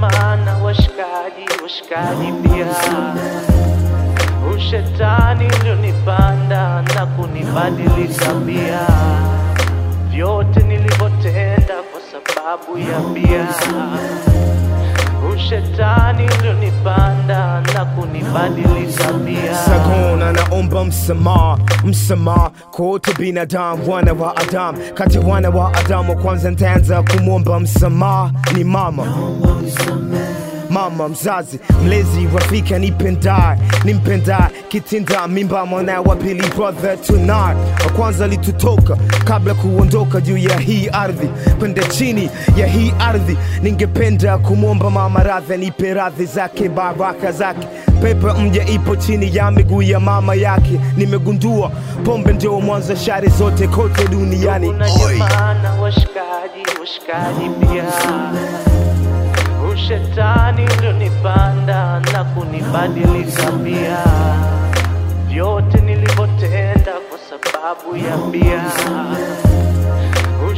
maana washikaji washikaji pia ushetani ulionipanda na kunibadilika pia vyote nilivyotenda kwa sababu ya bia shetani ilionipanda na kunibadilisha pia. Sagona naomba msamaha, msamaha kote binadamu, wana wa adam Kati wana wa Adamu, kwanza ntaanza kumwomba msamaha ni mama, no, mama mzazi, mlezi, rafiki anipendaye, nimpendaye, kitinda mimba mwanaye wa pili, brother tonight. Wa kwanza alitutoka kabla kuondoka juu ya hii ardhi, kwende chini ya hii ardhi. Ningependa kumwomba mama radhi, nipe radhi zake, baraka zake pepe mja ipo chini ya miguu ya mama yake. Nimegundua pombe ndio mwanzo shari zote kote duniani. Shetani ilionipanda na kunibadilika pia, vyote nilivyotenda kwa sababu ya bia.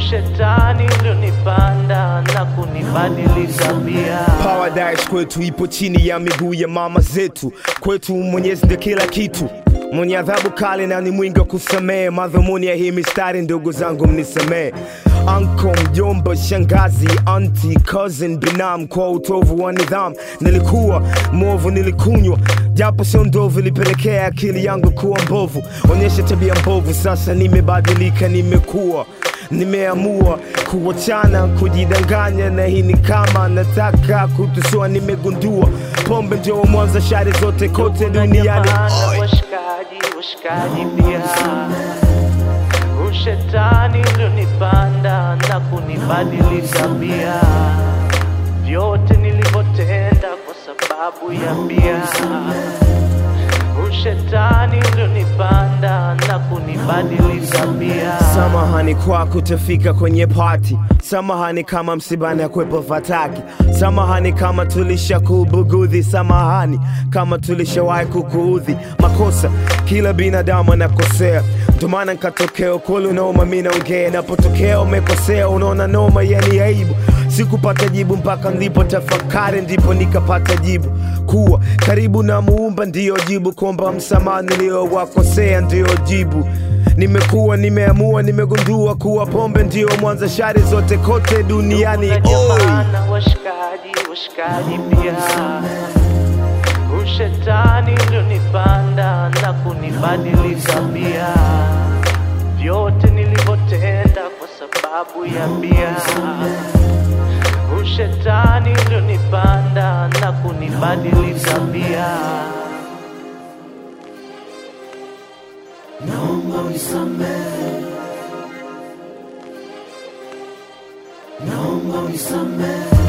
Shetani ilionipanda na kunibadilika pia. Paradise kwetu ipo chini ya miguu ya mama zetu, kwetu Mwenyezi ndio kila kitu mwenye adhabu kali na ni mwingi wa kusamehe. Madhumuni ya hii mistari, ndugu zangu, mnisamehe anko, mjomba, shangazi, anti, cousin, binam. Kwa utovu wa nidhamu nilikuwa mwovu, nilikunywa japo sio ndovu, ilipelekea akili yangu kuwa mbovu, onyesha tabia mbovu. Sasa nimebadilika, nimekuwa nimeamua kuwachana kujidanganya, na hii ni kama nataka kutusua. Nimegundua pombe ndio mwanza shari zote kote duniani. pia ushetani kunipanda na kunibadilisha pia, vyote nilivyotenda kwa sababu ya bia. Shetani ndio nipanda na kunibadilisha pia. Samahani kwa kutofika kwenye party, samahani kama msibani akwepo fataki, samahani kama tulisha kubugudhi, samahani kama tulishawahi kukuudhi. Makosa kila binadamu anakosea Ndo maana nkatokea ukulu unauma, mi naongea napotokea, umekosea unaona noma, yani aibu. Sikupata jibu mpaka ndipo tafakari, ndipo nikapata jibu kuwa karibu na Muumba ndiyo jibu, kwamba msamaha niliyowakosea ndiyo jibu. Nimekuwa nimeamua, nimegundua kuwa pombe ndiyo mwanza shari zote kote duniani. ushetani ndio nipanda na kunibadilika pia kutenda kwa sababu ya bia ushetani ulionipanda na kunibadili tabia naomba unisamehe naomba unisamehe